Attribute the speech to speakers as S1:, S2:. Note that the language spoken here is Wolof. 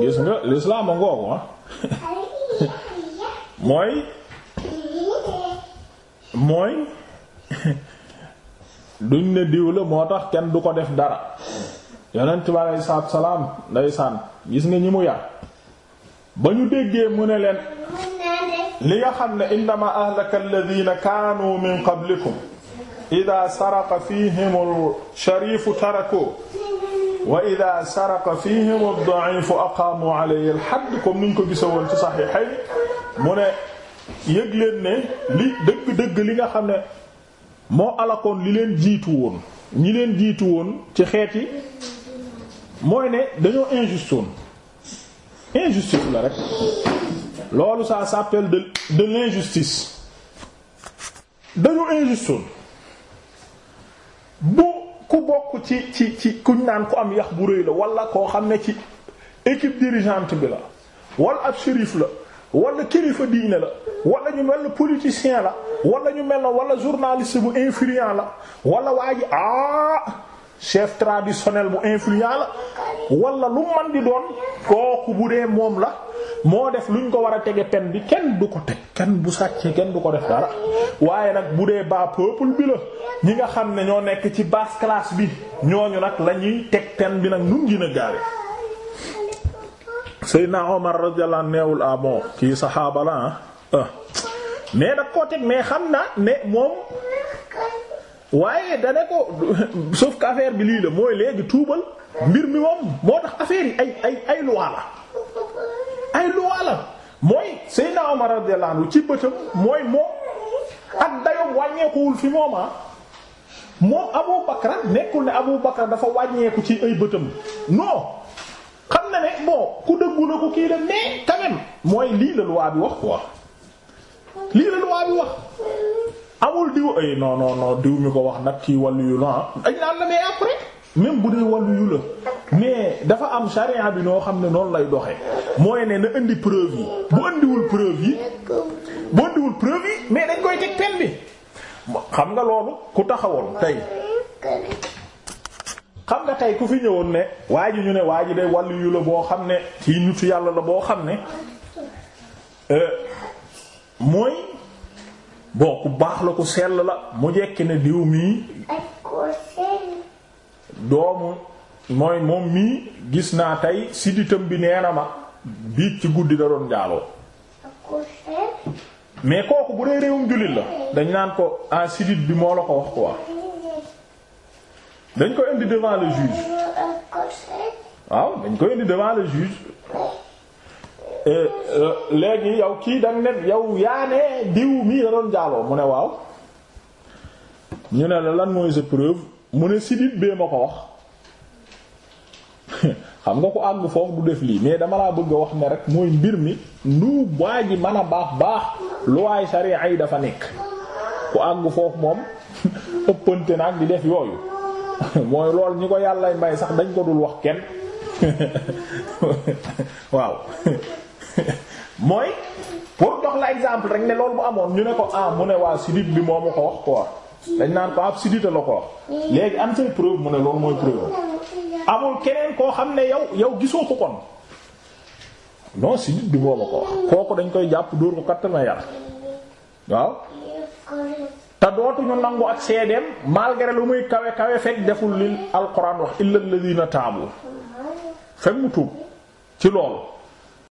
S1: gis nga lislaam ngoogu ah mooy duñ ne diw la moo tax kenn du ko def dara yonent bi salaam ndeysaan gis nga ñi mu yar ba ñu déggee mu ne leen li nga xam ne innama ahlaka alladhina kaanu min qablikum idha saraqa fihimul sharifu tarako wa ida saraqa fihim ad-da'if aqaamu alayhi al comme niñ ko gisoon ci saxiixay mu ne yëg ne li dëgg-dëgg li nga xam ne moo alakoon li leen jiitu woon ñi leen jiitu woon ci xeet yi mooy ne dañoo injuste woon injustice la ku bokk ci ci ci kuñ naan ku am yax bu rëy la wala koo xam ne ci équipe dirigeante bi la wala ab shérif la wala kilifa diine la wala ñu mel ne politicien la wala ñu mel ne wala journaliste bu influent la wala waa ji ah chef traditionnel bu influent la wala lu man di doon kooku bu dee moom la. moo def luñ ko war a tege pen bi kenn du ko teg kenn bu sàccee kenn du ko def dara waaye nag bu dee baa peuple bi la ñi nga xam ne ñoo nekk ci basse classe bi ñooñu nag la ñuy teg pen bi nag nun gën a gaawe Seydina Omar radiyallahu anhu neewul ah bon kii saxaaba la ah, ah. mais nag koo teg mais xam na ne moom waaye da ne ko sauf que bi lii la mooy léegi tuubal mbir mi moom moo tax affaire yi ay ay ay loi la ay luwaa la mooy Seydina Omar radiyallahu anhu ci bëtam mooy moom ak dayoom wàññeekuwul fi mooma ah. moom Abu Bakra nekkul ne Abu Bakra dafa wàññeeku ci ay bëtam non xam na ne bon ku dëggu na ko kii la mais quand mooy lii la loi bi wax quoi lii la loi bi wax amul diw ay non non diw mi ko wax nag kii wàllu yu la ah. naan la mais après même bu dee wàllu yu la mais dafa am charia bi noo xam ne noonu lay doxe mooy ne na indi preuve yi bu indiwul preuve yi bu indiwul preuve yi mais dañ koy teg peine bi xam nga loolu ku taxawoon tey xam nga tey ku fi ñëwoon ne waa ji ñu ne waa ji day wàllu yu la boo xam ne ci nitu yàlla la boo xam ne euh, mooy bon baax la ku sell la mu jekki ne diw mii doomu mooy moom mii gis naa tey siditam bi nee ma biig ci guddi da doon jaaloo mais kooku bu dee réewum jullit la dañ naan ko ah sidit bi moo la ko wax ko quoi dañ ko indi devant le juge waaw dañ ko indi devant le juge euh, léegi yow kii dang ne yow yaa ne diw mii da doon jaaloo mu ne waaw ñu ne la lan mooy sa preuve mu ne sidit bee ma ko wax xam nga ko àgg foofu du def lii mais dama laa bëgg wax ne rek mooy mbir mi nu waa ji mën a baax baax lu luwaay sariya yi dafa nekk ku àgg foofu moom ëppante naag di def yooyu mooy lool ñi ko yàllay may sax dañ ko dul wax kenn waaw mooy pour dox la exemple rek ne loolu bu amoon ñu ne ko ah mu ne waa sidit bi moomu ko wax ko wax dañ naan ko ab ah, sidita la ko wax mm. léegi am say preuve mu ne loolu mooy preuve amul keneen koo xam ne yow yow gisoo ko kon non si nit du booba ko wax kooku dañ koy jàpp dóor ko kattana yar waaw te dootuñu nangu ak seedeem malgré lu muy kawe kawe fekk deful li alquran wax illa alladhina taabu fekk mu tuub ci loolu